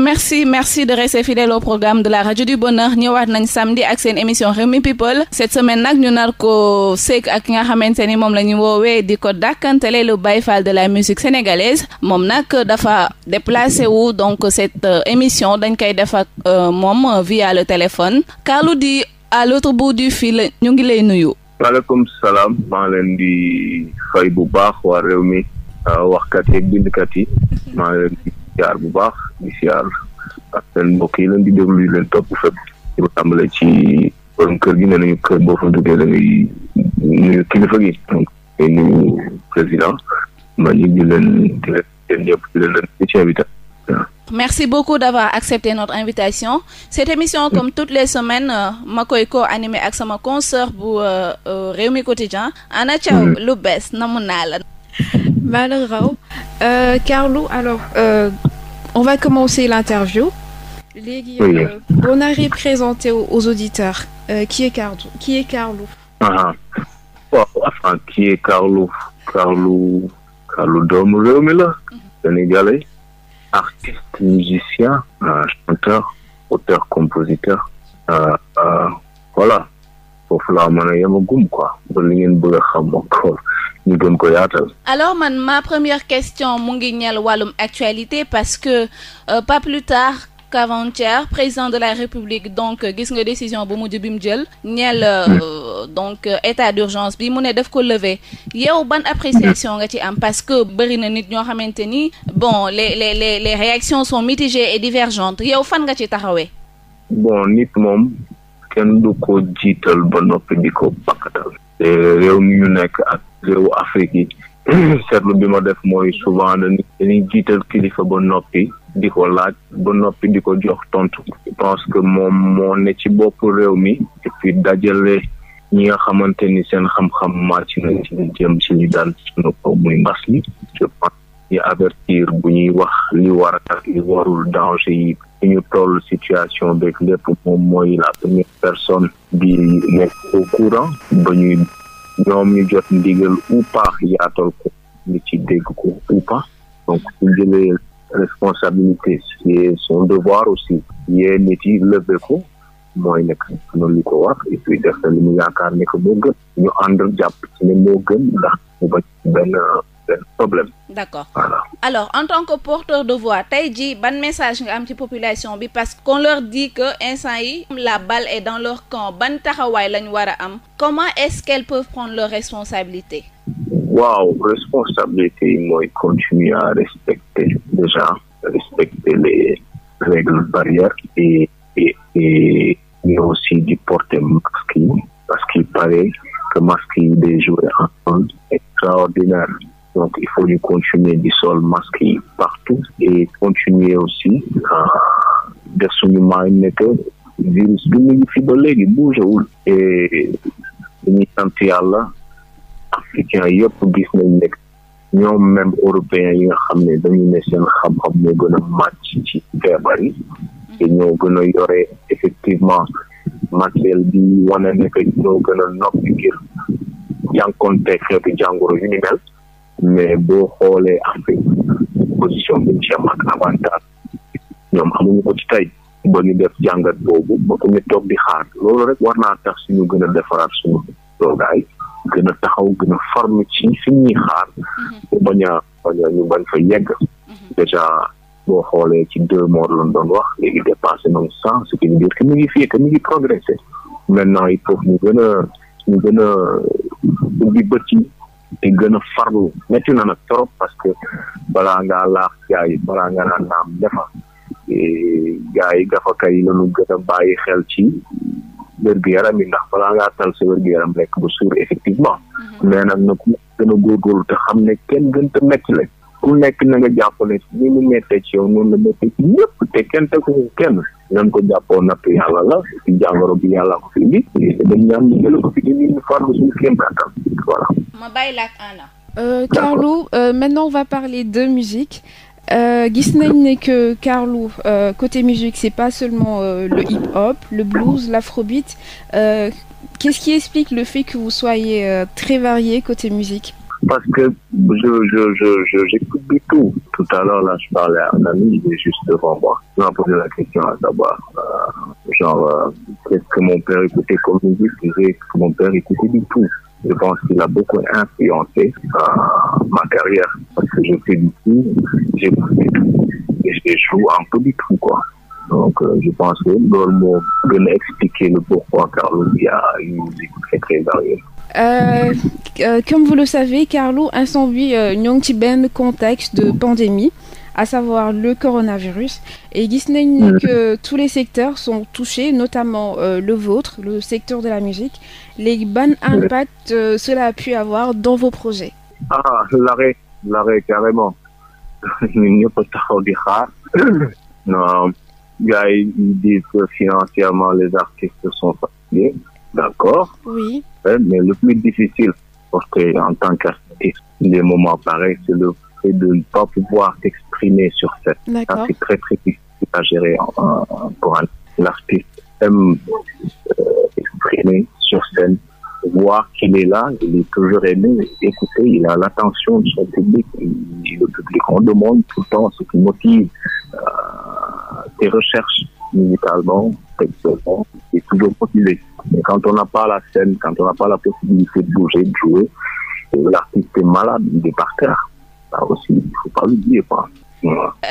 merci merci de rester fidèle au programme de la radio du bonheur ñëwaat nañ samdi ak seen émission Rewmi People cette semaine nag ñu nar ko seek ak nga xamante ni moom la ñu woowee di ko dàkkantale le Baye Fall de la musique sénégalaise moom nag dafa déplacé wu donc cette euh, émission dañ koy def ak euh, moom via le téléphone Carlou di à l'autre bout du fil ñu ngi lay nuyu waaleykum salaam maa bu baax waa euh, ci siyaar bu baax di siyaar ak seen mbokk yi leen di déglu leen topp fépp di ko tàmbalee ci borom kër gi nee nañu kër boo fa duggee da ngay nuyu kilifa gi donc day président ma ñu di leen di leen ñëpp di leen di ci invité merci beaucoup d'avoir accepté notre invitation cette émission comme toutes les semaines euh, ma koy co-animé ak sama consoeur bu euh, euh, Rewmi Quotidien ana Thiaw mm. lu bees namu naa la Maalo raw euh, Carlo alors euh, on va commencer l'interview léegi euh, on arrive présenté aux, auditeurs euh, qui est Carlo qui est Carlo ah, Carlo Carlo Carlo doomu réew artiste musicien chanteur auteur compositeur voilà foofu laa mën a yem a gum quoi ba li ngeen bëgg ñu alors man ma première question mu ngi ñeel wàllum actualité parce que euh, pas plus tard quavant président de la république donc gis nga décision bu mujj bi mu jël. ñeel euh, donc euh, état d'urgence bi mu ne def ko lever yow ban appréciation nga ci am parce que bëri na nit ñoo xamante ni bon les les les les réactions sont mitigées et divergentes yow fan nga ci taxawee. bon nit moom kenn du ko jiital ba noppi di ko bakkatal. réew mi ñu nekk ak réewu Afrique yi seetlu bi ma def mooy souvent dañuy jiital kilifa ba noppi di ko laaj ba noppi di ko jox tontu je que moom moo ne ci bopp réew mi et dajale ñi nga xamante ni seen xam-xam màcc na ci jëm ci li daal sunu kaw muy mbas mi je pense di avertir bu ñuy wax li war ak li warul danger yi ñu toll situation beeg lépp moom mooy la première personne di nekk au courant ba ñuy ñoom ñu jot ndigal ou pas yaatal ko ni ci dégg ko ou pas donc su jëlee responsabilité c'est son devoir aussi yee nit yi mooy nekk na ko wax et puis def yaakaar ne moo gën ñu ànd jàpp ci ne moo gën ndax mu bañ benn benn problème. d'accord alors en tant que porteur de voix tey jii ban message nga am ci population bi parce qu'on leur dit que instant yi la balle est dans leur camp ban taxawaay lañ war a am comment est-ce qu'elles peuvent prendre leurs responsabilités. waaw responsabilité yi mooy à respecter déjà respecter les règles barrières et et et mais aussi du porter masque yi que masque yi day jouer un extraordinaire donc il faut ñu continuer di sol masque yi partout et continuer aussi def suñu maay virus bi mu fi ba léegi bougewul et dañuy sant yàlla africain yëpp gis nañ nekk ñoom même européens yi nga xam ne dañu ne seen xam-xam moo gën a màcc ci feebar yi te ñoo gën a yore effectivement matériel bi wane ne que ñoo gën a noppi ngir jànkonte xeetu jàngoro yu ni mel mais boo xoolee Afrique position bi ñu am avantage ñoom amuñu ko ci tey ba ñu def jàngat boobu ba ko ñu toog di xaar loolu rek war naa tax suñu gën a defaraat suñu toogaay gën a taxaw gën a farlu ci fi ñuy xaar mm-hmm. bañ a bañ ñu bañ fa yegg mm-hmm. boo xoolee ci deux mois lañ doon wax léegi dépassé nañu cent ce qui mu ngi fii que mu ngi progressé maintenant il faut ñu gën a ñu gën a ubbi bët yi te gën a farlu métti na nag trop parce que balaa ngaa laax gars yi balaa nga naan naam defa gars yi gafaka yi lañu gën a bàyyi xel ci wér gu yaram yi ndax balaa ngaa tal sa wér gu yaram lekk ba suur effectivement mm-hmm. mais nag nag gën a góorgóorlu te xam ne kenn gën te metti la ku nekk na nga jàppale ni mu méttee ci yow noonu ko kenn nan ko jàppoo la ci jàngoro yàlla ko fi indi dañ ñaan ñu jële ko fi indi ñu farlu suñu kéem kàttan voilà. ma bàyyi la euh, euh, maintenant on va parler de musique. Euh, gis nañ ne que Carlou euh, côté musique c'est pas seulement euh, le hip-hop le blues l'afrobeat euh, qu'est-ce qui explique le fait que vous soyez très varié côté musique parce que je je je je j'écoute du tout. Tout à l'heure là je parlais à un il est juste devant moi. Il m'a posé la question à savoir euh, genre euh, qu'est-ce que mon père écoutait comme musique je disais que mon père écoutait du tout. Je pense qu'il a beaucoup influencé euh, ma carrière parce que je fais du tout, j'écoute du un peu du tout quoi. donc je pense que loolu moo gën a expliquer le pourquoi Carlou il y a une musique très très variée. Euh, euh, comme vous le savez Carlo instant bi ñoo ngi ci benn contexte de pandémie à savoir le coronavirus et gis nañ que tous les secteurs sont touchés notamment euh, le vôtre le secteur de la musique léegi ban impact euh, cela a pu avoir dans vos projets ah, l'arrêt l'arrêt carrément ñun ñëpp taxaw di xaar gars que financièrement les artistes sont fatigués d'accord. Oui. mais le plus difficile, parce qu'en tant qu'artiste, des moments pareils, c'est le fait de ne pas pouvoir s'exprimer sur scène. Ça, c'est très, très difficile à gérer en, en, pour un l'artiste euh, exprimer sur scène, voir qu'il est là, il est toujours aimé, écouter, il a l'attention de son public, il, le public, on demande tout le ce qui motive euh, recherches. musicalement, textuellement, et quand on n'a pas la scène, quand on n'a pas la possibilité de bouger, de jouer, l'artiste est malade, il est Là aussi, il faut pas l'oublier. Voilà.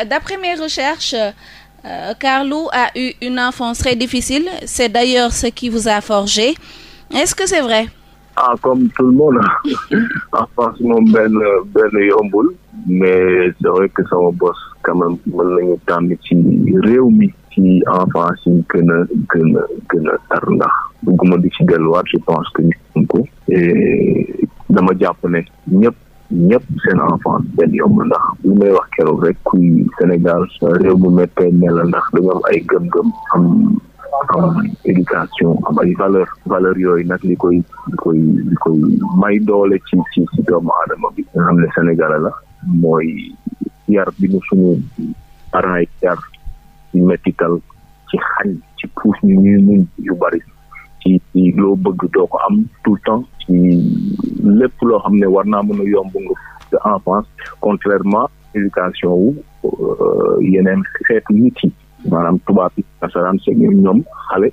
Euh, d'après mes recherches, euh, Carlo a eu une enfance très difficile. C'est d'ailleurs ce qui vous a forgé. Est-ce que c'est vrai? Ah, comme tout le monde enfance moom benn benn yombul mais c'est vrai que sama bos quand même mën nañu tànn ci enfance yi gën a gën tar ndax bugguma di ci delluwaat je pense que ñu am ko dama jàpp ne ñëpp ñëpp seen enfance benn yomb ndax li may wax keroog rek kuy Sénégal réew mu méttee ne ndax dañu am ay gëm-gëm am am éducation am ay valeur yooyu nag li koy li koy li koy may doole ci ci ci doomu aadama bi nga xam ne Sénégalais la mooy yar bi ñu suñu parents yar ci mettital ci xañ ci puus ñu ñuy muñ yu bari ci loo bëgg doo ko am tout le temps lépp loo xam ne war naa mën a yomb nga de enfance contrairement éducation wu euh, yeneen xeetu nit yi maanaam tubaab yi nasaraan seen ñoom xale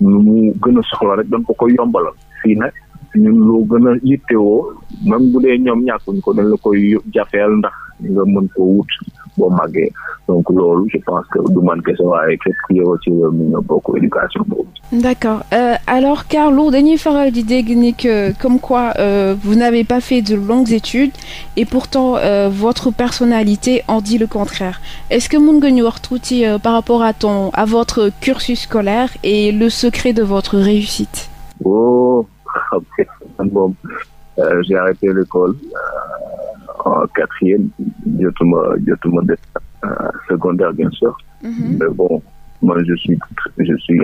lu mu gën a soxla rek dañ ko ko yombalal fii nag ñun loo gën a yittewoo même bu dee ñoom ñàkkuñ ko dañ la koy jafeel ndax nga mën koo wut boo màggee donc loolu je pense que du man kese waaye képp ku yow ci réew mi ñoo bokk éducation boobu. d'accord euh, alors Carlo dañuy faral di dégg ni comme quoi euh, vous n'avez pas fait de longues études et pourtant euh, votre personnalité en dit le contraire est-ce que mën nga ñu wax tuuti euh, par rapport à ton à votre cursus scolaire et le secret de votre réussite. Oh, xam man moom j'ai arrêté l'école euh, en quatrième jotuma jotuma def secondaire bien sûr mhm. mais bon moi je suis je suis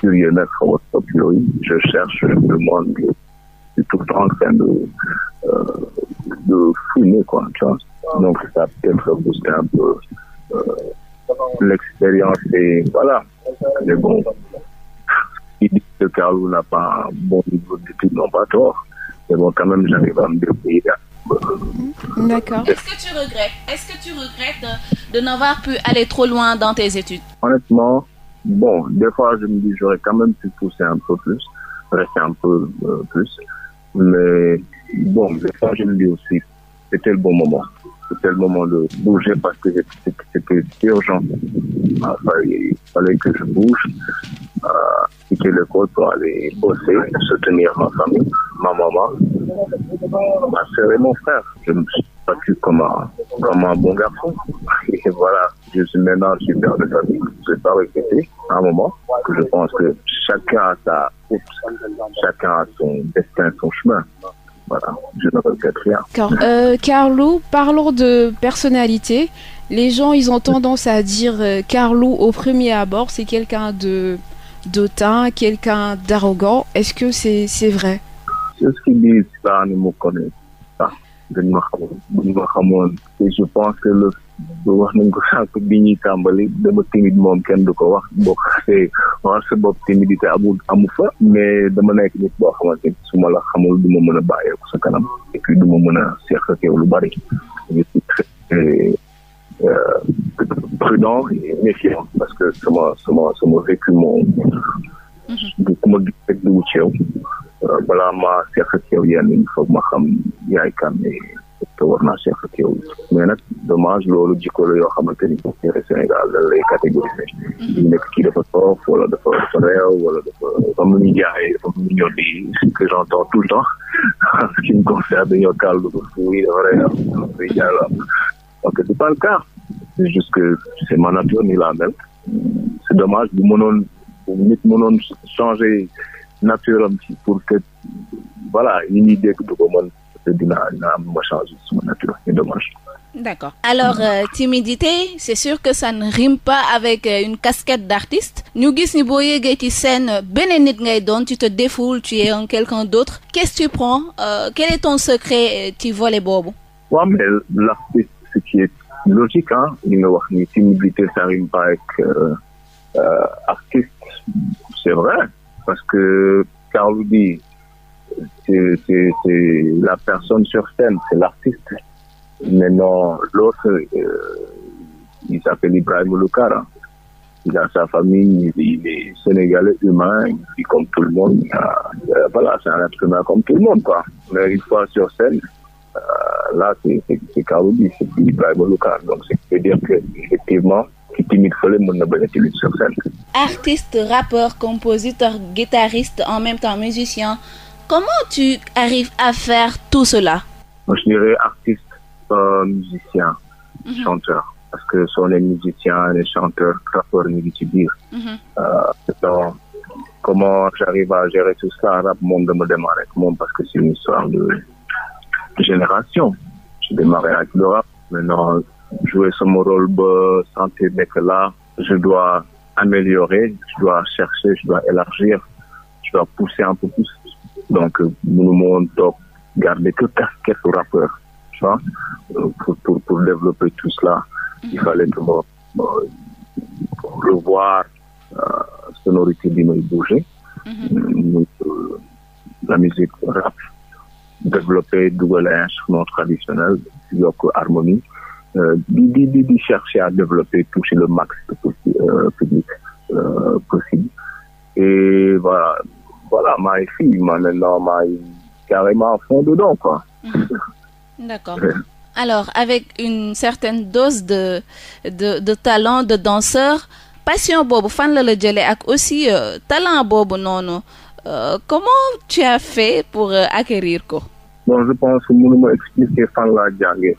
curieux nag xaw ma yooyu je cherche je me demande je suis tout le temps en train de euh, de fouiner quoi tu vois donc ça peut être boosté un peu euh, l'expérience et voilà mais bon ce cas où on bon niveau non pas tort. Mais bon, quand même, j'arrive à me débrouiller. Mhm. D'accord. Est-ce que est-ce que tu regrettes de, de n'avoir pu aller trop loin dans tes études Honnêtement, bon, des je me dis, j'aurais quand même pu pousser peu plus, rester un peu euh, plus. bon, des je me dis aussi, c'était le bon moment. C'était le moment de bouger parce que c'était urgent. Il ah, fallait, il fallait que je bouge. Euh, pour aller bosser, soutenir ma famille, ma maman, ma soeur et mon frère. Je me suis battu comme comme un bon garçon. Et voilà, je suis maintenant je suis de famille. Je ne vais pas je pense que chacun a sa route, chacun a son destin, son chemin. Voilà, je ne regrette rien. Euh, Carlo, parlons de personnalité. Les gens, ont tendance à dire euh, Carlo au premier abord, c'est quelqu'un de d'otain, quelqu'un d'arrogant. Est-ce que c'est vrai. c'est ce qu'ils disent daanu ma ko sax dañ ma xamoon buñ ma xamoon te je pense que wax nañ ko sànq bi ñuy tàmbali dama timide moom kenn du ko wax boo xasee wax sa bopp timidité amul amu fa mais dama nekk nit boo xamante ni su ma la xamul du ma mën a bàyyeeku sa kanam et puis du ma mën a seq ak yow lu bari prudent et parce que sama sama sama vécu moom bu ku ma gis rek dugg ci balaa maa seq ak yow yenn il ma xam yaay kan te war naa seq ak yow mais nag dommage loolu jikko la yoo xamante ni yore Sénégal dañ lay catégoriser ñu nekk kii dafa toof wala dafa dafa wala dafa am lu jaay dafa am lu ñoo di ce que temps ce qui me concerne dañoo kàllu fuuy dafa réew dafa jaay la parce que c'est pas le cas c'est juste que c'est ma nature ni la mel c'est dommage bu mënoon nit changer nature ci pour que voilà yi ñuy dégg du ko mën changer nature c'est dommage D'accord. Alors euh, timidité c'est sûr que ça ne rime pas avec euh, une casquette d'artiste ñu ni boo yéegee ci scène beneen nit ngay doon tu te défoules tu es un quelqu'un d'autre qu'est-ce que tu prends euh, quel est ton secret ci volet boobu waaw mais l'artiste ce qui logique hein li nga wax ni timidité ça rime euh, euh, artiste c'est vrai parce que Carlou D c'est c'est c'est la personne sur scène c'est l'artiste maintenant l'autre euh, il s'appelle Ibrahima Loukara il a sa famille il est sénégalais humain il vit comme tout le monde voilà c'est un comme tout le monde quoi mais une fois sur scène Euh, là, c'est Karoudi, c'est Ibrahima Luka. Donc, ça veut dire qu'effectivement, Artiste, rappeur, compositeur, guitariste, en même temps musicien, comment tu arrives à faire tout cela Je dirais euh, mhm. chanteur. Parce que sont les musiciens, les chanteurs, rappeurs, tu dire. Mm -hmm. euh, monde parce que c'est une histoire de génération je démarrais avec le rap maintenant jouer sama rôle ba santé nekk là je dois améliorer je dois chercher je dois élargir je dois pousser un peu plus donc mënu ma woon garder que casquette rappeur euh, pour développer tout cela il fallait que ma euh, revoir euh, sonorité bi may bouger mhm. la musique rap développer dugal ay instruments traditionnels yokk harmonie euh, di di di chercher à développer toucher le max de euh, euh, possible et voilà voilà maa maintenant maa carrément à fond dedans mmh. alors avec une certaine dose de de de talent de danseur passion boobu fan la la jëlee ak aussi talent boobu noonu. Euh, comment tu as fait pour euh, acquérir ko. bon je pense que mënuma expliquer fan laa jàngee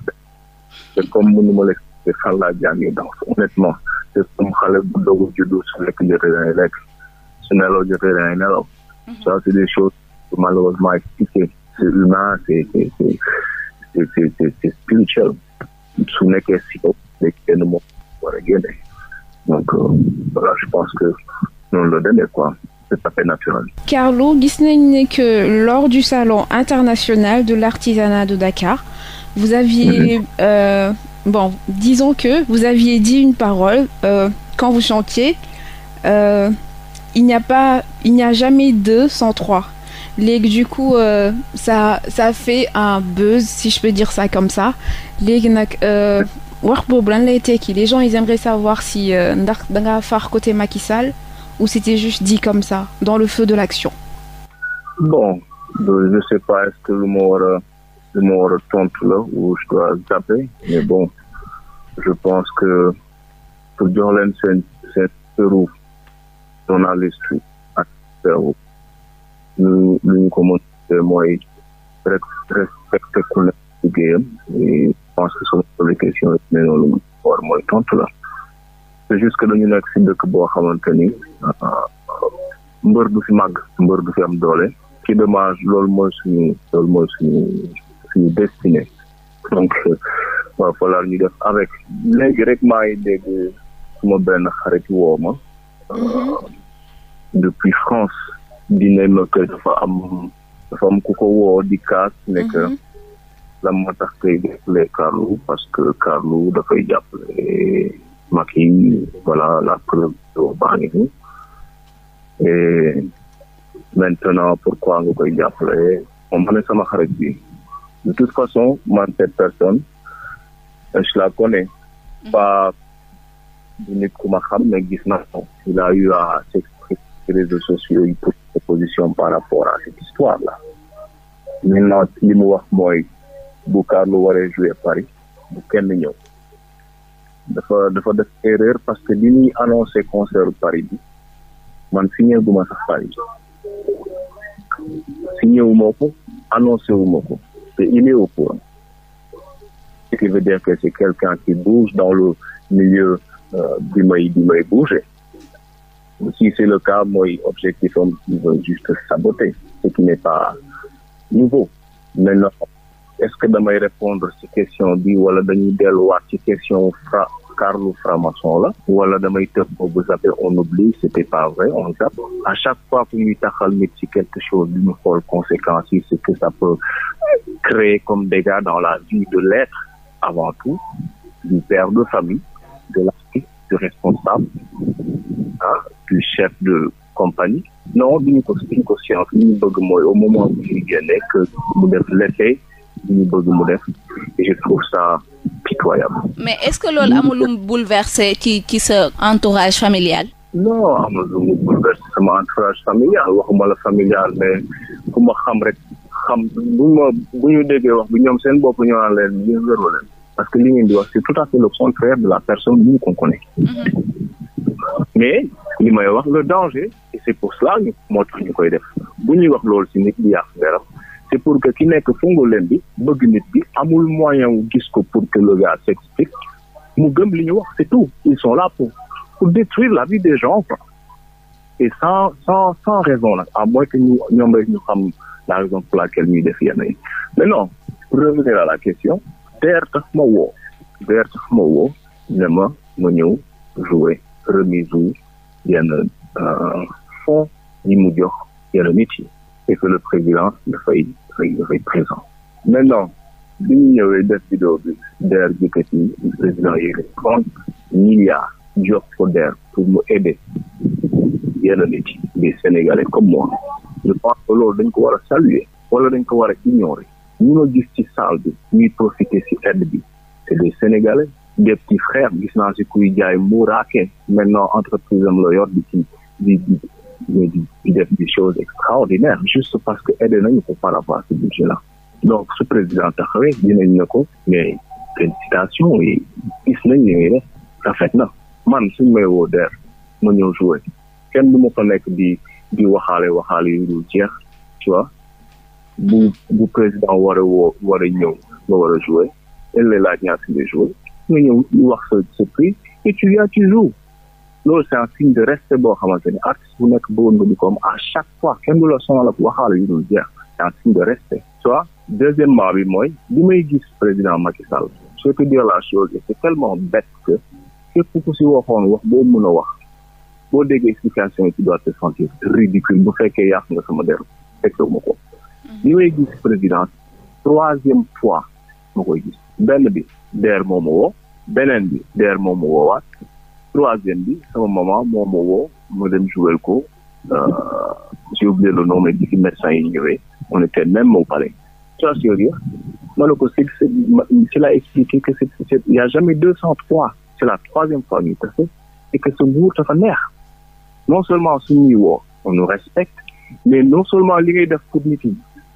c'est comme mënuma l'expliquer fan laa jàngee donc honnêtement c'est comme xale bu dogu juddu su lekk jotee day lekk su nelaw jotee day nelaw. Mhm. ça c'est des choses malheureusement expliquer c'est humain c'est c'est c'est c'est c'est c'est spirituel su nekkee si yow léegi kenn moo war a génne donc euh, voilà je pense que noonu la demee quoi. c'est Carlo, gis nañ ne que lors du salon international de l'artisanat de Dakar vous aviez mmh. euh, bon disons que vous aviez dit une parole euh, quand vous chantiez euh, il n'y a pas il n'y jamais deux sans trois léegi du coup euh, ça fait un buzz si je peux dire comme ça léegi nag euh, wax boobu lan lay tekki les gens ils aimeraient savoir si euh, ndax da nga far côté Macky Sall ou c'était juste dit comme ça, dans le feu de l'action Bon, je ne sais pas, est-ce que l'humour euh, l'humour tombe là ou je dois taper, mais bon, je pense que pour Jorlen, c'est un journaliste, acteur, nous, nous commençons mooy respecté ku nekk liggéeyam et je pense que sur les questions yi ne noonu war mooy tontu la. c'est juste que dañu nekk si dëkk boo xamante ni euh, mbër du fi màgg mbër du fi am doole ci dommage loolu mooy suñu loolu mooy suñu suñu destiné donc euh, waaw falaa ñu def avec léegi rek maa ngi dégg suma benn xarit woo ma mm-hmm. euh, depuis France di ne ma que dafa am dafa am ku ko woo di kaat nekk mm-hmm. la moo tax koy jàppale Carlou parce que Carlou dafay jàpp Macky voilà la preuve baa ngi nii et maintenant pourquoi nga koy jàppale moom ma ne sama xarit bi de toute façon man cette personne je la connais mhm. pas du nit ku ma xam mais gis naa ko il a eu à s'exprimer réseaux sociaux pour sa position par rapport à cette histoire là maintenant li mu wax mooy bu Carlo waree jouer Paris bu kenn dafa dafa def erreur parce que li ñuy annoncé concert Paris bi man signé gu ma sax Paris signé wu ma ko annoncé wu ma ko te il est au courant ce qui veut dire que c'est quelqu'un qui bouge dans le milieu bi euh, may bi may bouger si c'est le cas mooy objectif am il veut juste saboter ce qui n'est pas nouveau maintenant est-ce que damay répondre ci question bi wala dañuy delluwaat ci question fra Carlou franc-maçon la wala damay tëb boobu zappe on oublie c'était pas vrai on zappe à chaque fois que ñuy taxal nit ci quelque chose bi ñu xool conséquences yi c'est que ça peut créer comme dégâts dans la vie de l'être avant tout du père de famille de l'artiste du responsable du chef de compagnie non duñu ko duñu ko science li ñu bëgg au moment bu ñuy génne que mu def li ñu bëgg mu def je trouve ça pitoyable. mais est-ce que loolu amul lu mu bouleversé ci ci sa entourage familial. non amul lu mu sama entourage familial waxuma la familial mais ku ma xam rek xam bu ma ñu déggee wax bu ñoom seen bopp ñoo naan leen ñu wéru parce que li ngeen di wax c'est tout à fait le contraire de la personne bu ñu ko connaît. Mm-hmm. mais li may wax le danger et c'est pour cela moo ñu koy def bu ñuy wax loolu si nit ñi yàq. c'est pour que ki nekk fungaleen bi bëgg nit bi amul moyen wu gis ko pour que le gars s'explique mu gëm li ñu wax c'est tout ils sont là pour pour détruire la vie des gens quoi et sans sans sans raison nag à moins que ñu ñoom rek ñu xam la raison pour laquelle ñuy def yenn yi mais non pour revenir à la question DER tax ma DER tax ma woo ma ma ñëw jouer remise wu yenn euh, fonds yi mu jox yenn nit et que le président dafay dafay dafay présent maintenant bi ñu ñëwee def vidéo bi DER jëkkati président yi trente milliards jox ko DER pour mu aider yenn nit yi Sénégalais comme moi je pense que loolu dañ ko war a saluer wala dañ ko war a ignorer ñu ma gis ci salle bi ñuy profiter ci aide bi c'est de Sénégalais des petits frères gis naa ci kuy jaay muuraake maintenant entreprise am la di ci mais di def des choses extraordinaires juste parce que aidé nañu ko par rapport à ce budget là donc su président taxawee dinañ ne ko mais félicitations yi gis nañ li ngay def rafet na man suñ may woo ma ñëw jouer kenn du ma ko nekk di di waxaale waxaale yu dul jeex tu vois bu bu président war a woo war a ñëw nga war a elle lay laaj ñaata ngay jouer wax sa sa tu viens tu loolu c'est un signe de respect boo xamante ni artiste bu nekk bëggoon nga di ko am à chaque fois kenn du la sonal ak waxaala yu dul jeex c'est un signe de respect soit deuxièmement bi mooy li may gis président Macky Sall je te dire la chose et c'est bête que képp ku si waxoon wax boo mën a wax boo déggee explication yi tu dois te sentir bu fekkee yàq nga sama der ma ko mhm. li may gis président troisième fois ma koy gis benn bi der moomu woo beneen bi der moomu woowaat troisième bi sama maman moo ma woo ma dem jouer ko euh, j'ai oublié le nom mais bi ci médecin yi ñëwee on était même au palais tu vois sérieux ma ne ko c'est c'est la expliqué que c'est c'est il a jamais deux sans trois c'est la troisième fois ñu tase et que sa nguur dafa neex non seulement suñuy woo on nous respecte mais non seulement li ngay def pour nit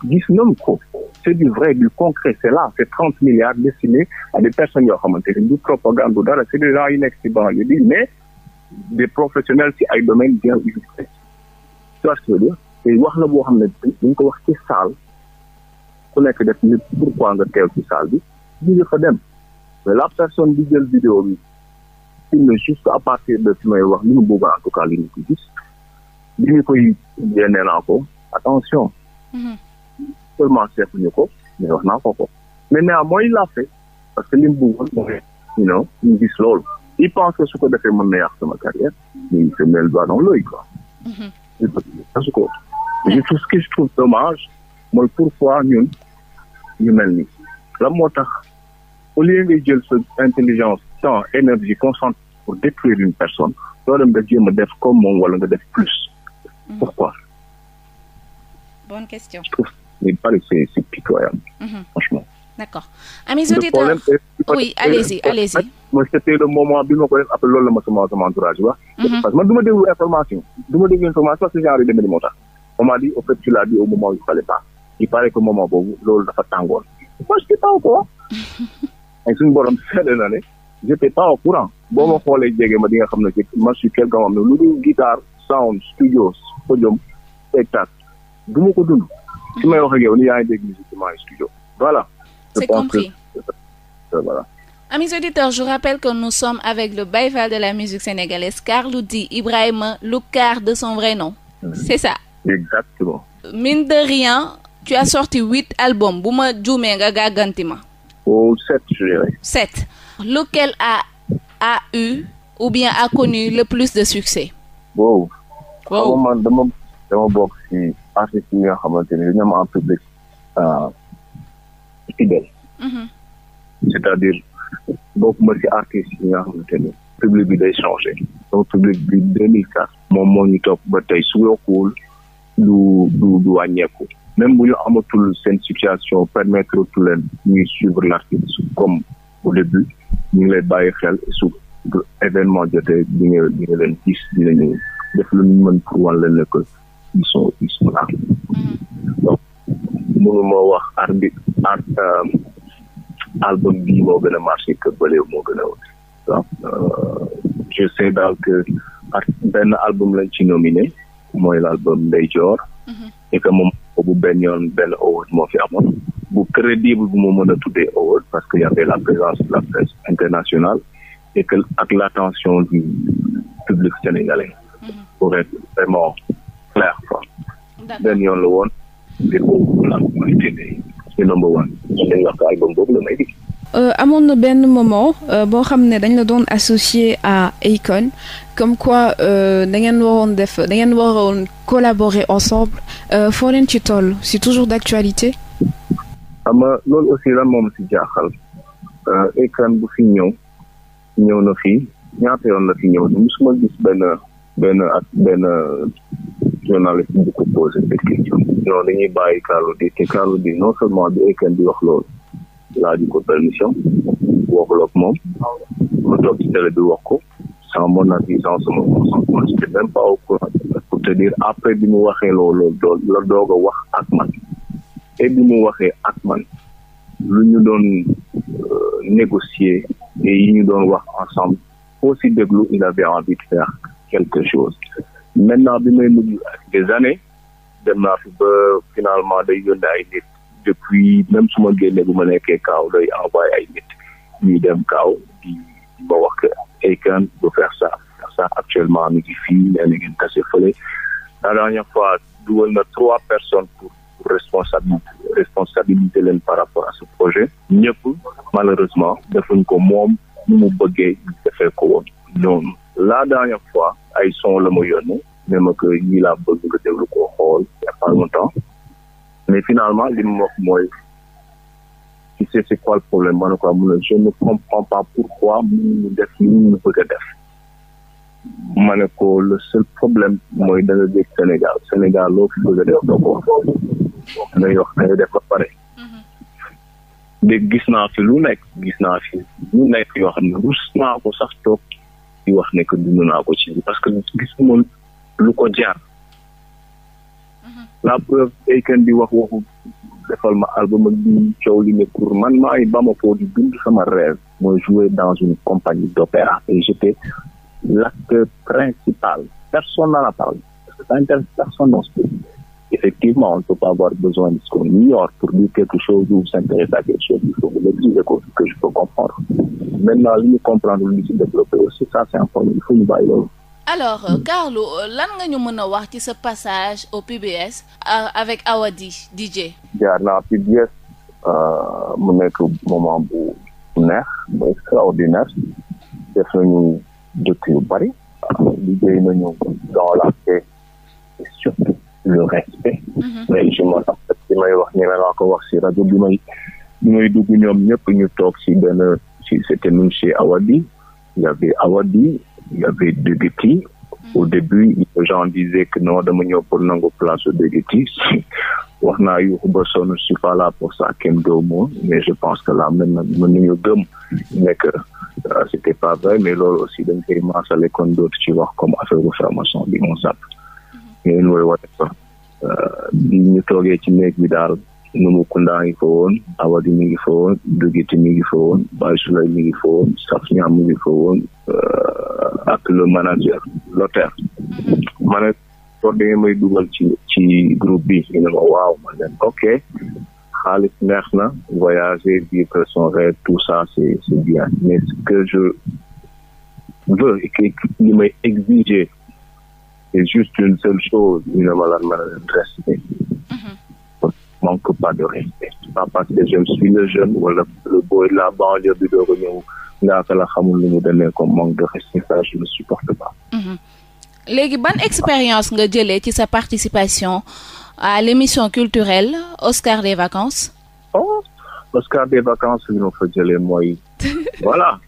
gis nañu ko c'est du vrai du concret c'est là c'est trente milliards destinés à des personnes yoo xamante ni du propagande du dara c'est des gens yu nekk ci banlieue bi mais des professionnels ci ay domaines bien illustrés parce que te wax la boo xam ne dañ ko wax ci saal ku nekk def nit pourquoi nga teew ci saal bi ñu fa dem mais la personne bi jël vidéo bi filmé juste à partir de fi may wax li mu bëgg en tout cas li ñu ko gis li ñu koy ko attention. Mm-hmm. seulement seetuñu ko mais wax naa ko ko mais néanmoins il l'a fait parce que li mu bëggoon mooy you know ñu gis loolu il pense que su ko defee mën na yàq sama carrière mais il se met le doigt dans l'œil quoi mhm. su ko je trouve ce que je trouve dommage mooy pourquoi ñun ñu mel nii la moo tax au lieu ngay jël sa intelligence temps énergie concentrée pour détruire une personne loo dem nga jéem a def comme moom wala nga def plus mhm. pourquoi bonne question les balles, c'est pitoyable, mm -hmm. franchement. D'accord. amis auditeurs oui allez-y allez-y. mooy c'était le moment bi ma ko def après lool la ma sama sama entourage wax. Mhm. parce que man du ma déglu information du ma déglu information parce genre yu demee nii moo tax. on m'a dit au fait tu l'as dit au moment boobu loolu dafa tàngoon. moi j'étais pas au courant. ay suñu borom seede na ne j'étais pas au boo ma mhm. xoolee jege ma di nga xam ne que man su quelqu'un am na lu dul guitare sound studios podium spectacle du ma ko dund. si may wax ak yow ni voilà. c'est compris euh, voilà. Amis auditeurs, je rappelle que nous sommes avec le Baïfal de la musique sénégalaise Karloudi Ibrahima Loukar de son vrai nom. Mhm. C'est ça. Exactement. Mine de rien, tu as sorti huit albums bu ma juumee nga gàgganti ma. oh sept je dirais. sept. lequel a a eu ou bien a connu le plus de succès. artistes yi nga xamante ni dañoo am un public euh, fidèle. Mm-hmm. cest à xamante ni public bi day changé. donc bi 2004. moom moo ñu topp ba tey su yokkuwul du du du wàññeeku. même bu ñu amatul seen situation permettre tu leen ñuy suivre l'artiste comme au début ñu lay bàyyi xel su événement jotee di nga di nga leen gis dinañu def lu ñu mën pour wan leen ils sont ils wax art um, bi art album bii moo gën a marché que bële moo gën a waaw je sais daal que art benn album lañ ci nominé mooy l'album Ndey Joor mm-hmm. et que moom bu benn yoon benn award moo fi amoon bu crédible bu mu mën a tuddee award parce que y avait la présence de la presse internationale et que ak l'attention du public sénégalais mm-hmm. pour être clair quoi. benn yoon la woon. mbir boobu naan mooy la may di. Euh, amoon na benn moment euh, boo xam ne dañ la doon associé à Akon comme quoi euh, da ngeen waroon def da ngeen waroon collaborer ensemble foo leen ci toll c'est toujours d'actualité. ama loolu aussi lan moom si jaaxal. Akon bu fi ñëw. ñëw na fii ñaata yoon la fi ñëw musuma gis benn ak benn journaliste bu ko posé cette question ñoo dañuy bàyyi Carlou D te Carlou D non seulement bi kenn di wax loolu laaju ko permission waxul ak moom ma toog ci télé bi wax ko sans mon avis sans sama consentement ko même pas au courant pour te dire après bi mu waxee loolu loolu la doog wax ak man te bi mu waxee ak man lu ñu doon euh, négocier et yi ñu doon wax ensemble aussi déglu il avait envie de faire quelque chose maintenant bi may mujj ak des années dem naa fi ba finalement de yónnee ay nit depuis même su ma génnee bu ma nekkee kaaw day envoyé ay nit ñuy dem kaaw di di ma wax que Akane bu faire sa faire actuellement mi ngi fii nee na ngeen tase fële la dernière fois dugal na trois personnes pour responsabilité responsabilité leen par rapport à ce projet ñëpp malheureusement defuñ ko moom ni mu bëggee defe ko woon la dernière fois ay son la ma yónni ne ma que bëgg nga déglu ko xool y pas longtemps mais finalement li mu mooy tu sais c'est quoi le problème ma ne ko mu ne je ne comprends ko le seul problème mooy da nga jël Sénégal Sénégal fi bëgg a def doo ko wax ngay wax da nga def ba pare mm-hmm. dégg gis naa fi lu nekk gis naa fi lu nekk yoo xam na rus naa ko sax toog di wax ne que dund naa ko ci parce que gisuma lu ko jaar mhm. la preuve Akon di wax waxu defal ma album ak di coow li ne pour man maay Bamako di dund sama rêve mooy jouer dans une compagnie d'opéra et j'étais l'acteur principal personne n'en a parlé parce que ça effectivement, on ne peut besoin de ce qu'on pour dire quelque chose ou s'intéresser à quelque chose. Il faut maîtriser que je peux comprendre. Maintenant, lui comprendre, lui se développer aussi, ça c'est un problème. Il faut nous bailler. alors euh, Carlou euh, lan nga ñu mën a wax ci sa passage au PBS euh, avec Awadi DJ. jaar PBS mu nekk moment bu neex extraordinaire def nañu dëkk yu bari liggéey nañu dans la paix et surtout le respect. Mm-hmm. mais may wax ñu ne laa ko wax si rajo bi may bi may dugg ñoom ñëpp ñu toog si benn si c'était monsieur Awadi y avait Awadi y avait Degeti mm-hmm. au début les gens disaient que non dama ñëw pour nangu place au Degeti wax naa yuuxu ba sonn si suis pas là kenn gëwuma mais je pense que là maintenant mën nañu gëm nekk euh, c'était pas vrai mais loolu aussi dañ koy maasale kon dootu ci wax comme affaire u franc-maçon bi moom sàpp ngeen woy woote ko toogee ci néeg bi daal Numu Kundaa ngi fa woon mi ngi fa woon mi ngi fa woon Baye mi ngi fa woon Saf Ñaam ngi fa ak le manager Lotaire ma ne soo may dugal ci ci groupe bi ñu ne waaw ma ok xaalis neex na voyager vivre son rêve tout ça c'est bien mais ce que veux et que li may exiger c'est juste une seule chose, il ne me donne de respect. Manque pas de respect. Pas parce que je suis le jeune le, boy la banlieue du Dorogne ngaa ko la xamul lu comme manque de respect ne supporte pas. Mm-hmm. léegi ban expérience nga jëlee ci sa participation à l'émission culturelle Oscar des vacances. oh Oscar des vacances li ma fa jëlee mooy voilà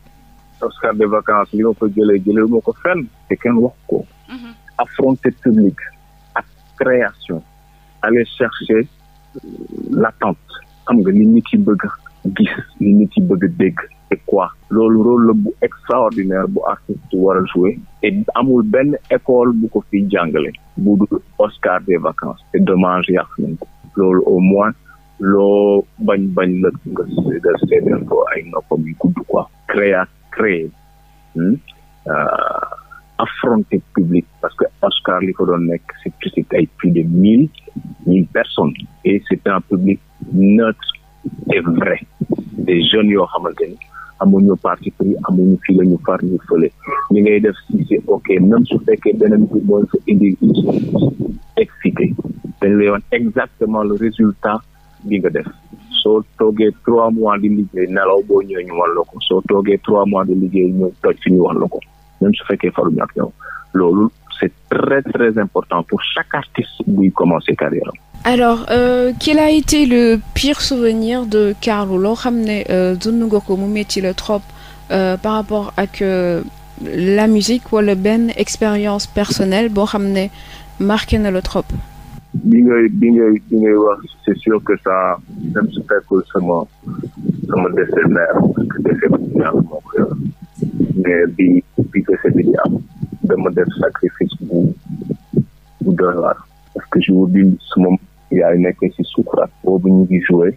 Oscar des vacances li ma fa jëlee jëlee ma ko fenn affronter public ak création aller chercher l'attente xam nga li nit yi bëgg gis li nit bëgg dégg loolu rôle la bu extraordinaire bu artiste war a jouer et amul benn école bu ko fi jàngale bu dul Oscar des vacances et dommage yàq nañ loolu au moins loo bañ bañ la nga nga ko ay noppam yu gudd quoi créa créer hmm? euh, affronté public parce que Oscar li ko doon nekk c'est c'est ay plus de mille mille personnes et c'est un public neutre et vrai des jeunes yoo xamante ni amuñu parti pris amuñu fii la ñu far ñu fële ñu ngay def si c'est ok même su fekkee beneen bi mooy fa indi excité dañ lay woon exactement le résultat bi nga def soo toogee trois mois di liggéey nelaw boo ñëwee ñu wan soo toogee trois mois di liggéey ñu toj fi ñu wan la ko même su fekkee faruñu ak ñoom loolu c'est très très important pour chaque artiste buy commencer carrière am alors euh, quel a été le pire souvenir de Carlou loo xam ne euh, dund nga ko mu metti trop euh, par rapport ak la musique wala benn expérience personnelle boo xam ne marqué na la trop. bi ngay bi ngay bi ngay wax c'est sûr que ça même su fekkul sama sama décès mère parce que décès bi ñaar moo ko yor mais bi bi décès bi di am dama def sacrifice bu bu doy waar parce que jour bi nekk ci sukuraat boobu ñu ngi joué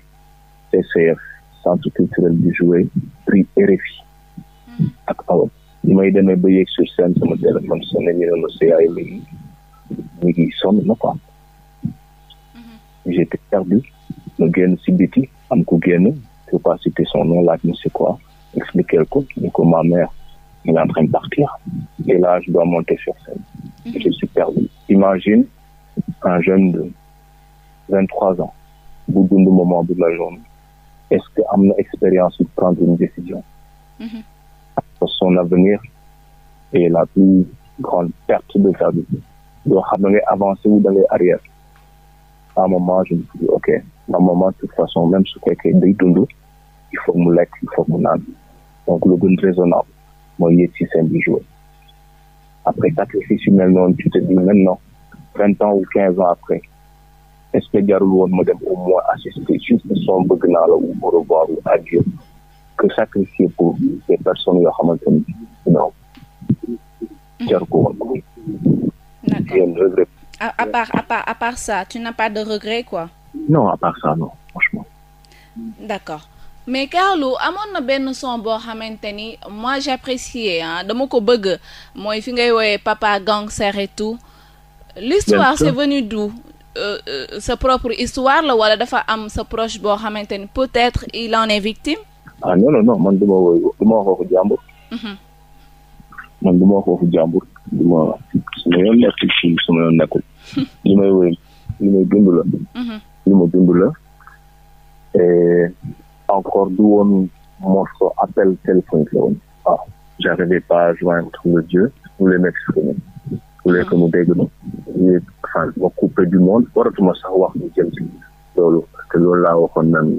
CCF centre culturel bi joué prix RFI ak awam li may demee ba yéeg ma sa yaay léegi ñu ngi sonn na quoi j'étais si biti am ku génn je sais pas citer son nom laaj ma c'est quoi ni ko ma il est en train de partir. Et là, je dois monter sur scène. Mhm. Je suis perdu. Imagine un jeune de 23 ans, bu dund moment bi la journée. Est-ce que am na expérience pour prendre une décision? Mmh. Son avenir est la plus grande perte de sa vie. Yoo xam ne ngay avancer ou d'aller arrière. À un moment, je me suis dit, OK, un moment, de toute façon, même su fekkee day il faut mu lekk, il Donc, le gën raisonnable. mooy yëg si scène bi joué après sacrifice yu mel noonu tu te dis maintenant vingt ans ou quinze ans après est ce que jarul woon ma dem au moins a juste son bëgg naa la ou au revoir ou adieu que sacrifier pour des personnes yoo xamante ni non jaru ko woon yéen regret à à part à part à part ça tu n'as pas de regret quoi non à part ça non franchement d'accord mais Carlou amoon na benn son boo xamante ni moi j'appréciais dama ko bëgg mooy fi ngay woowee papa gangster et tout l'histoire c'est venu euh, euh, sa propre histoire la wala dafa am sa proche boo xamante ni peut-être il en est victime ah non non man du ma wooy du ma mhm. man du ma wax waxu jàmbur ma yoon nekkul suma yoon nekkul li may woy li may dund la mhm. li ma dund la encore du woon morceau appel téléphonique la woon waaw j'arrivais pas à joindre le Dieu ou les m'exprimer wala ah. que mu ma coupé du monde waratuma sax wax lu jëm loolu parce que loolu laa waxoon naan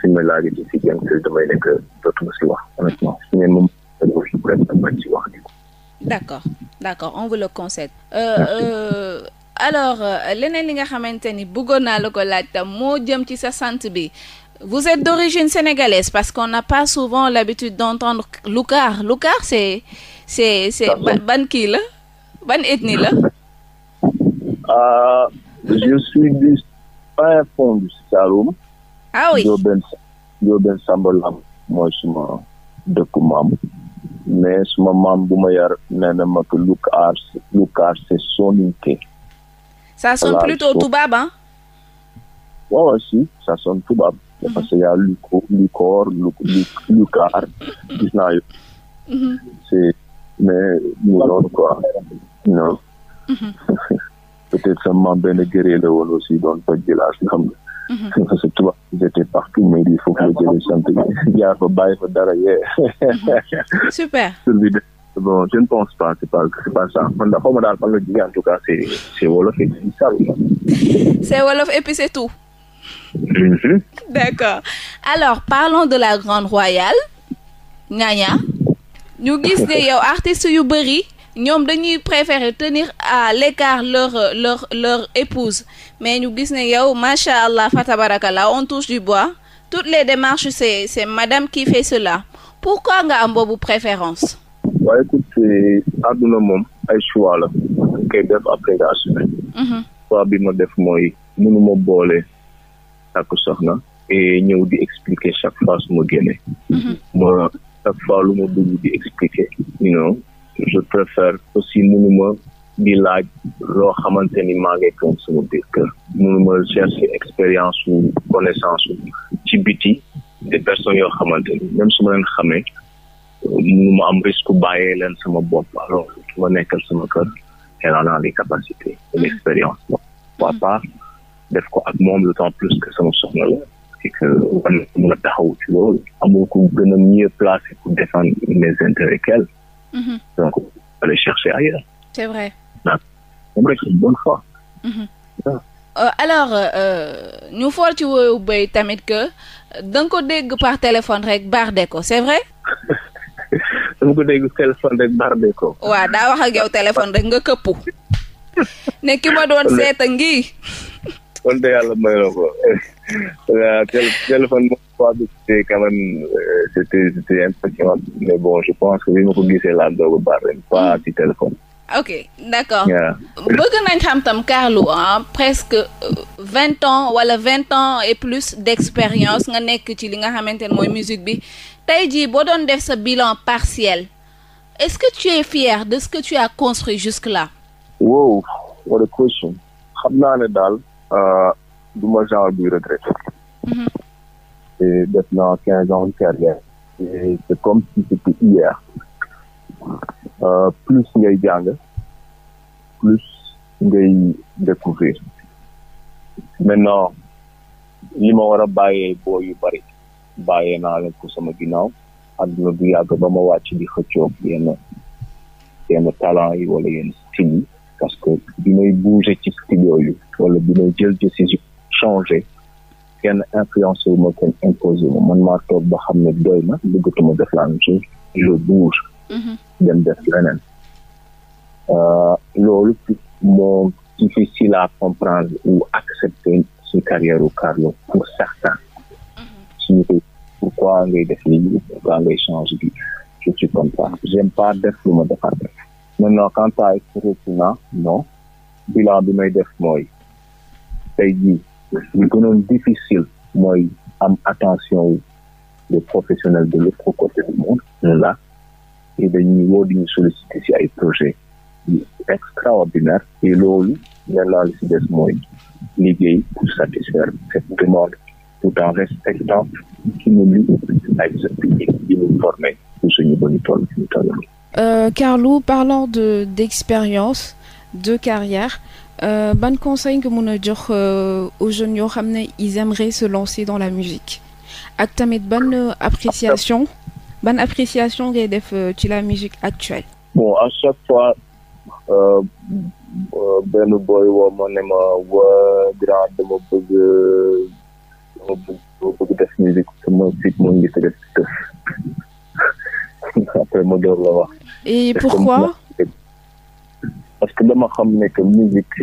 suñ ma laajee ci si jëm ci damay nekk dootuma wax honnêtement ci wax. d'accord d'accord on vous le concède. Euh, euh, alors euh, leneen li nga xamante ni bëggoon naa la ko laaj tam moo jëm ci sa sant bi. Vous êtes d'origine sénégalaise parce qu'on n'a pas souvent l'habitude d'entendre Lukaar Lukaar c'est c'est c'est ban kii la ban ethnie la. ah je suis du fin ah oui Ndiobène Ndiobène suma mais suma maam bu ma yar nee na ma que Lukaar Lukaar c'est soninké. ça sonne plutôt tubaab ah. waaw si ça sonne tubaab. c'est parce que y a lu lu corps lu lu lu kaar gis naa mm-hmm. yëpp. c'est mais mu non. Mm-hmm. peut-être sama benn guerrier la woon aussi doon toj village xam nga. parce que tubaab bi j'étais partout mais il faut que ma jëlee sant bi jaar fa bàyyi fa dara yee. super. bon je ne pense pas c'est pas c'est pas ça man daal xaw ma daal fan la jugee en tout cas c'est c'est wolof et puis c'est wolof et puis d'accord alors parlons de la grande royale. Ngaña ñu ne yow artistes yu bëri ñoom dañuy préférer tenir à l'écart leur leur épouse mais ñu gis ne yow macha allah fatabarakallah on touche du bois toutes les démarches c'est c'est madame qui fait cela pourquoi nga am préférence. waaye écoute àdduna moom ay choix la. koy après nga assumé. Mhm. choix bi ma def mooy mënuma boole. takk soxna et ñëw di expliquer chaque fois su ma génnee mhm. ma chaque fois lu ma dugg di expliquer you know je aussi mënuma di laaj loo xamante ni maa ngi koom sama biir kër mënuma chercher expérience ou connaissance ci biti des personnes yoo xamante ni même su ma leen xamee mënuma am risque bàyyee leen sama bopp alors ma nekkal sama kër elle en a les capacités et mhm. l'expérience bon def ko ak moom d'autant plus que sama soxna la et que war na ko mën a taxaw ci loolu ko gën a mieux placé pour défendre mes intérêts qu'elle mm-hmm. donc aller chercher ailleurs c'est vrai mm-hmm. ah. euh, alors euh, ñu fool ci woowu béy tamit que da ko dégg par téléphone rek bardé ko c'est vrai dama ko dégg téléphone rek bardé ko waaw daa wax ak téléphone rek nga këpp ne ki ma doon seeta ngi kon de yàlla may na ko téléphone moom pas du c'était quand même euh, c'était c'était impressionnant mais bon je pense que bi ma ko gisee laa doog a baar ren pas ci téléphone ok d'accord bëgg nañ xam tam Carlou ah presque euh, vingt ans wala vingt ans et plus d'expérience nga nekk ci li nga xamante ne mooy musique bi tey jii boo doon def sa bilan partiel est-ce que tu es fier de ce que tu as construit jusque wow what a question xam naa ne daal Euh, du ma genre buy retraité. def mm-hmm. na quinze ans de carrière. c'est comme si c'était hier. Euh, plus ngay jàng plus ngay découvrir maintenant li ma war a bàyyee boo yu bari bàyyee naa la ko sama ginnaaw àdduna bu yàgg ba ma wàcc di xëccoo yenn yenn talent yi wala yenn style yi parce que bi may bouger ci studio yi wala bi may jël décision changer kenn influencé wu ma kenn imposé wu man maa toog ba xam ne doy na bëggatuma def la même chose je bouge mm-hmm. def leneen euh, loolu moo difficile à comprendre ou accepter ci carrière u Carlou pour certains mm-hmm. si pourquoi ngay def lii pourquoi ngay changer bi je suis comme pas def lu ma defar def maintenant quant à expresi na non bilan bi may def mooy tey jii li gënoon difficile mooy am attention wu les professionnels de l'autre côté du monde ñun là et dañuy woo di ñu solliciter ci ay projet yu extraordinaire et loolu yàlla li ci des mooy liggéey pour satisfaire cette demande tout en respectant ci ñu li ay sa public yi ñu pour suñu ba ñu toll Euh, Carlo parlant de d'expérience de carrière euh, ban conseil nga mën a jox aux jeunes yoo xam ne ils aimeraient se lancer dans la musique ak tamit ban appréciation ban appréciation ngay def euh, ci la musique actuelle. bon chaque fois euh, benn boy woo ma musique sama après ma door la wax. parce que dama xam ne que musique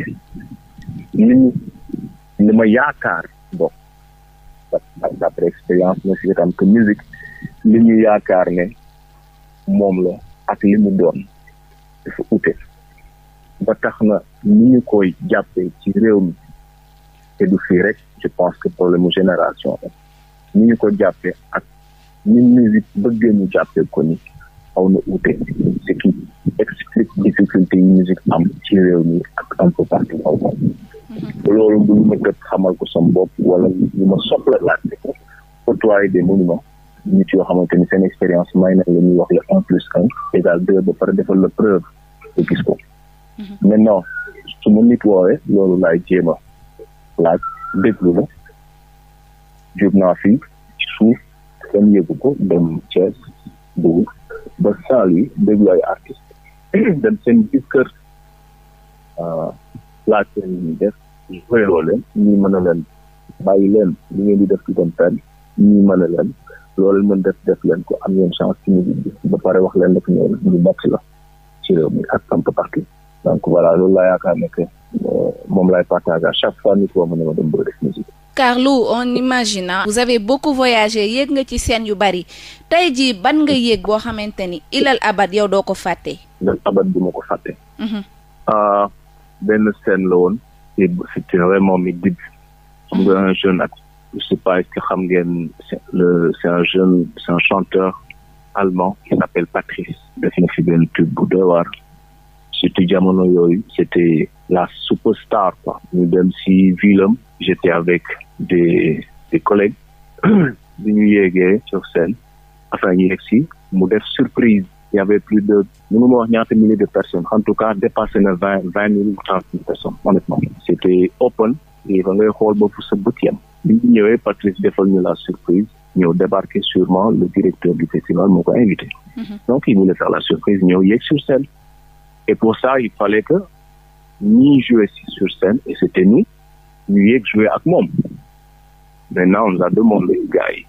li ma yaakaar bon d'après expérience ma si xam que musique li ñu yaakaar ne moom la ak li mu doon dafa ute ba tax na ni ñu koy jàppee ci réew mi te fii rek je pense que problème mu génération la ni ñu ko jàppee ak ni musique bëggee ñu jàppee ko xaw na uute ce am ci réew mi ak aw moom mm-hmm. loolu du ma gët xamal ko sam bopp wala lu ma soxla laajte ko côtoyer des monuments nit yoo xamante ni seen expérience may na la wax le en plus un égal deux ba pare defal la preuve te gis ko mm-hmm. maintenant su ma nit woowee loolu laay jéem a laaj déglu la suuf kenn yëgu ko dem Thiès Mbour ba Saint-Louis déglu ay artiste dem seen biir kër ah, laaj seen li ñuy def joyeloo leen ñuy mën a leen bàyyi leen li ngeen di def ki doon fenn ñuy mën a leen loolu mën def def leen ko am ngeen chance ci musique bi ba pare wax leen daf ñëw lu nekk la ci réew mi ak samp parti donc voilà loolu laa yaakaar ne que euh, moom laay partage à chaque fois nit woo ma ne ma dem ba def musique Carlou on imagine ah, vous avez beaucoup voyagé yéeg nga ci seen yu bari tey jii ban nga yéeg boo xamante ni ilal abad yow doo ko fàtte. ilal abad du ma ko mhm. ah, benn scène la woon. c'était vraiment mes débuts. xam nga un c'est un jeune c'est un chanteur allemand qui s'appelle Patrice. def fi benn tube bu doy waar. surtout jamono yooyu c'était la superstar quoi. ñu dem si ville j'étais avec. de des collègues bi ñu yéegee sur scène afin ñu yegg si mu def surprise il y avait plus de mënu ma wax ñaata milliers de personnes en tout cas dépassé na vingt vingt mille ou trente mille personnes honnêtement c'était open et ba ngay xool ba fu sa bët yam bi ñu ñëwee Patrice defal ñu la surprise ñëw débarquer sûrement le directeur du festival moo ko invité mm-hmm. donc il voulait faire la surprise ñëw yegg sur scène et pour ça il fallait que ñi jouer si sur scène et c'était nous ñu yegg jouer ak moom maintenant on nous a demandé gars yi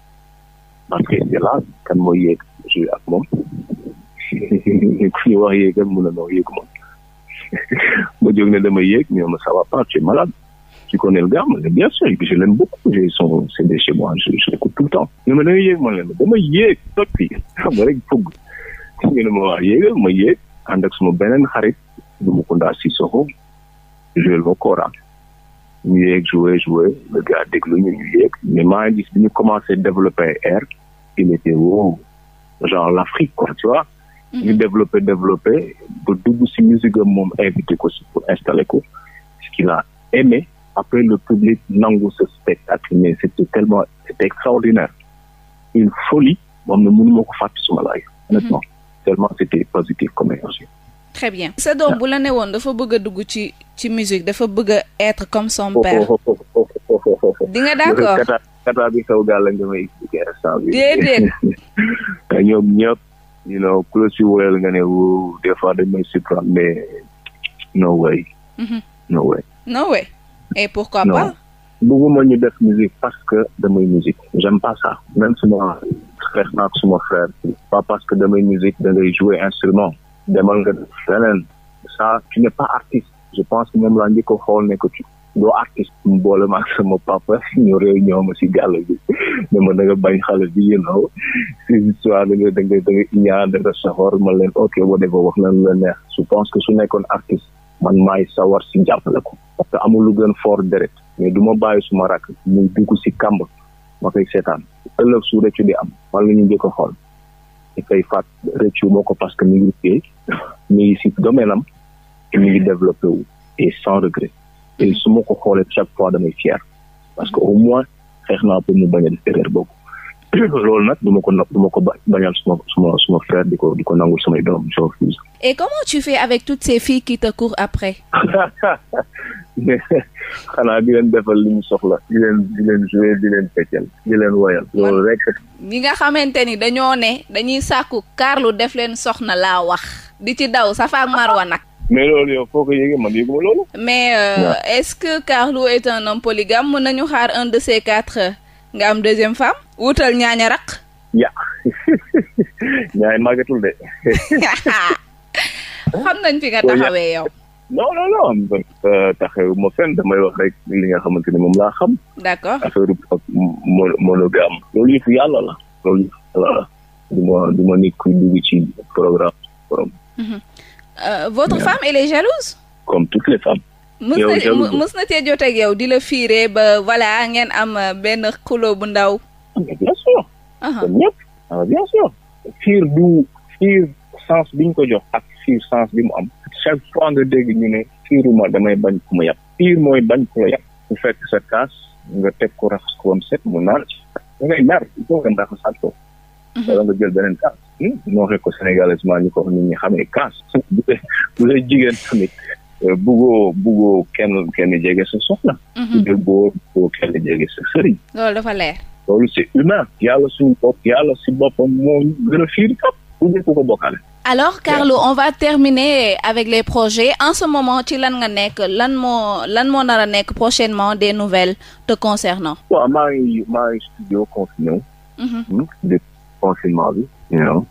parce que c'est là kan mooy yéeg joué ak moom ku ñu wax yéegal mun na noo yéegu moom ma jóg ne dama yéeg ñoom ça va pas tu es malade tu connais le gars ma ne bien sûr je l'aime beaucoup j'ai son CD chez moi je je l'écoute tout le temps ñu ma dama yéeg ma ne dama yéeg toj fi xam nga rek fugg ñu ne ma waa yéegal ma yéeg ànd ak sama beneen xarit du ma si soxo kora ñu yeeg joué joué le gars déglu ñu mais maa ngi gis bi ñu commencé développer air il était wow genre l'Afrique quoi tu vois. Mm-hmm. ñu développé développé ba dugg ci si am moom invité ko ci pour installer ko ce qu'il a aimé après le public nangu ce spectacle mais c'était tellement extraordinaire une folie moom ne mënu ma ko fàtte suma laay mm-hmm. honnêtement tellement c'était positif comme énergie très bien sa doom ah. bu la ne woon dafa bëgg a dugg ci musique dafa bëgg a être comme son oh, oh, père oh, di nga d'accord kata bi kaw gaal la nga may expliqué instant bi déedéet ñoom ñëpp you know ku la si woyal nga ne wo des fois dañ may surprendre mais no way mhm. no way no way et pourquoi pas bëgguma ñu def musique parce que damay musique j'aime pas ça même suma frère naak suma frère pas parce que damay musique da ngay jouer instrument demal nga def leneen ça tu je pense que moom laa njëkk a xool ne ko ci doo artiste boole ma sama papa ñu réunion ma si gàll bi ne ma da nga bañ xale bi you know si histoire da nga da ma leen ok whatever wax lan la neex je pense que su nekkoon artiste man maay sawar si jàppale ko parce que amul lu gën fort deret mais du ma bàyyi suma rakk muy dugg si kàmb ma koy seetaan ëllëg su rëccu di am man la ñu njëkk a xool dafay fàtt rëccu moo ko parce que mi ngi liggéey mi ngi si domaine am te mu ngi wu et sans regret mm-hmm. su ma ko xoolee chaque fois damay fier parce que au moins xeex naa pour mu bañ a def erreur boobu loolu nag du ma ko du ma ko bañal suma suma suma frère di ko di ko nangul samay doom je refuse et comment tu fais avec te courent après mais xanaa di leen defal li ñu soxla di leen di leen jouer di leen feccal di leen woyal loolu rek ñi nga xamante ni dañoo ne dañuy sàkku Carlou def leen soxna laa wax di ci daw Safa ak Marwa nag mais loolu yow foo ko yëgee man yëguma loolu. mais euh, est-ce que Carlou est un polygame mën nañu xaar un de ces quatre euh, nga am deuxième femme. wutal ñaaña raq. ya ñaañ màggatul de. xam nañ fi nga taxawee yow. non non non euh, taxawu ma fenn damay wax rek li nga xamante ni moom laa xam. d'accord affaire monogame loolu yëpp yàlla la loolu Euh, votre femme elle est jalouse. comme toutes les femmes. yow na cee jot ak yow di la fiiree ba voilà ngeen am euh, benn xuloo bu ndaw. Ah, bien sûr. comme ah, bien sûr. fiir du fiir sens bi ñu ko jox ak fiir sens bi mu am chaque fois nga dégg ñu ne fiiruma damay bañ ku ma fiir mooy bañ ku la nga teg ko raxas ko ba set mu naan da ngay mer il nga raxasaat ko. Mhm. wala nga noo ko sénégalaisement ñu ko wax nit ñi xamee kaas bu dee bu dee jigéen tamit euh, buggoo buggoo kenn kenn jege sa soxna. Mhm. bu dee góor buggoo kenn jege sa sëriñ. loolu dafa leer. loolu c'est humain. yàlla suñu bopp yàlla si boppam moo gën a fiir kap bu dee ku ko bokkale. alors Carlou on va terminer avec les projets en ce moment ci lan nga nekk lan moo lan moo nar a nekk prochainement des nouvelles te concernant. waaw maa ngi maa ngi studio confiné. Mhm. Hmm? de confinement bi. you know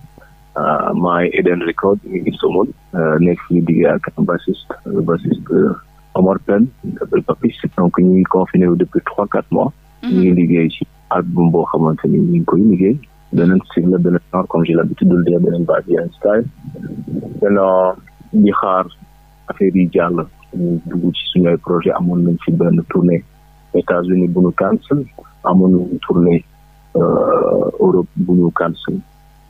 uh, my Eden Record ngi Somone uh, nekk fii liggéey ak bassiste bassiste euh, Omar Pène Papis donc ñu ngi confiné wu depuis trois quatre mois. Mhm. ñu liggéey ci album boo xamante ni ñu koy liggéey. beneen si la beneen genre comme j'ai l'habitude de dul dire beneen base yeneen style. maintenant di xaar affaire yi jàll ñu projet amoon nañ ci benn tournée États-Unis bu ñu cancel amoon nañu tournée euh, Europe bu ñu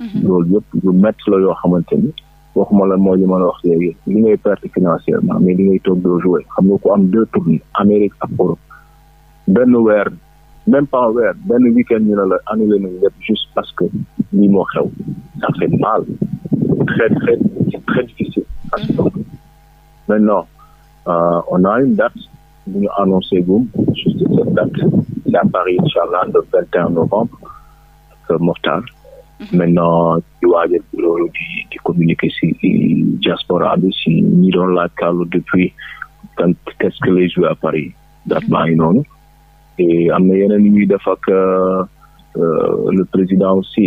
Mhm. loolu yëpp lu métti la yoo xamante ni waxuma la mooy li ma la wax léegi li ngay perte financièrement mais li ngay toog doo jouer xam nga ku am deux tournées Amérique ak Europe benn weer même pas weer benn week-end ñu la annulé nañu lépp juste parce que lii moo xew ça fait mal très très très difficile à se mhm. euh, on a une date bu ñu annoncé gum juste cette date Paris incha allah le vingt et novembre ak euh, Mokhtar Mm-hmm. maintenant di waajal loolu di di communiquer si diaspora bi si ñi doon laaj Carlou depuis quand quest que lay jouer à Paris date mm-hmm. baa ngi noonu et am na yeneen yu ñuy def ak euh, euh, le président aussi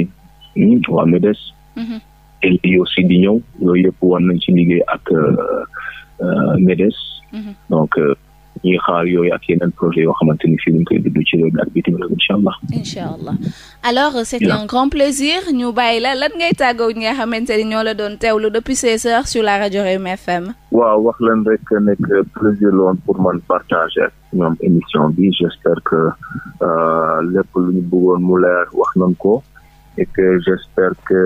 hmm, waa MEDES mm-hmm. et aussi di ñëw yooyu yëpp war nañ ci liggéey ak euh, MEDES donc ñuy xaar yooyu ak yeneen projet yoo xamante ni fii ñu koy dugg ci réew mi ak bitim réew incha allah. incha allah alors euh, c'était un grand plaisir ñu bàyyi la lan ngay tàggoo ñi nga xamante ni ñoo la doon teewlu depuis seize heures sur la rajo ma FM. waaw wax leen rek nekk plaisir la pour man partager ñoom émission bi j'espère que euh, lépp lu ñu bëggoon mu leer wax nañ ko. et que j'espère que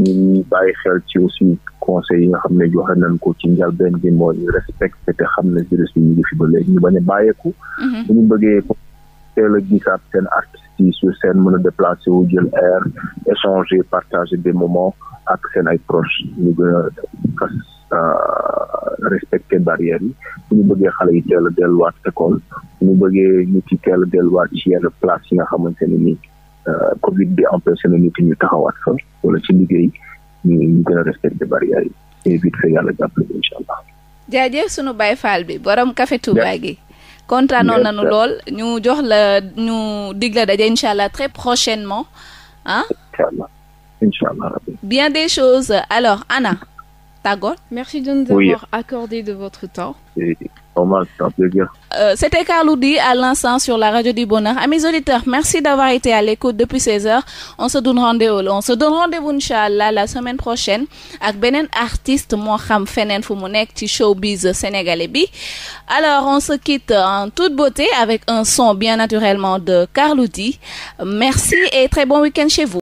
ñu ñuy bàyyi xel ci aussi conseils yi nga xam ne joxe nan ko ci njëlbeen bi mooy respecté te xam ne virus bi ñu ngi fi ba léegi ñu bañ a bàyyeeku. Mhm. bu ñu bëggee teel a gisaat seen artistes yi sur mën a déplacé wu jël air échanger partager des moments ak seen ay proches ñu gën a fas euh, respecté barrières yi bu ñu bëggee xale yi teel delluwaat école bu ñu bëggee ñu ci teel delluwaat ci yenn place yi nga xamante ne nii. Euh, Covid bi empêché na nit ñu taxawaat fa wala ci liggéey ñu ñu gën a respecté barrières yàlla jàppale ko incha allah. jaajëf sunu Baye Fall bi borom Café Touba gi. kontaanoon nañu lool ñu jox la ñu dig la daje incha allah très prochainement ah. incha allah incha allah bien des choses alors Anna. tàggoon. merci de nous avoir accordé de votre temps. Euh, c'était Karloudi à l'instant sur la radio du bonheur. Amis auditeurs, merci d'avoir été à l'écoute depuis 16 heures. On se donne rendez inchallah la semaine prochaine ak beneen artiste moo xam feneen fu mu nekk ci showbiz sénégalais bi. Alors on se quitte en toute beauté avec un son bien naturellement de Karloudi. Merci et très bon week chez vous.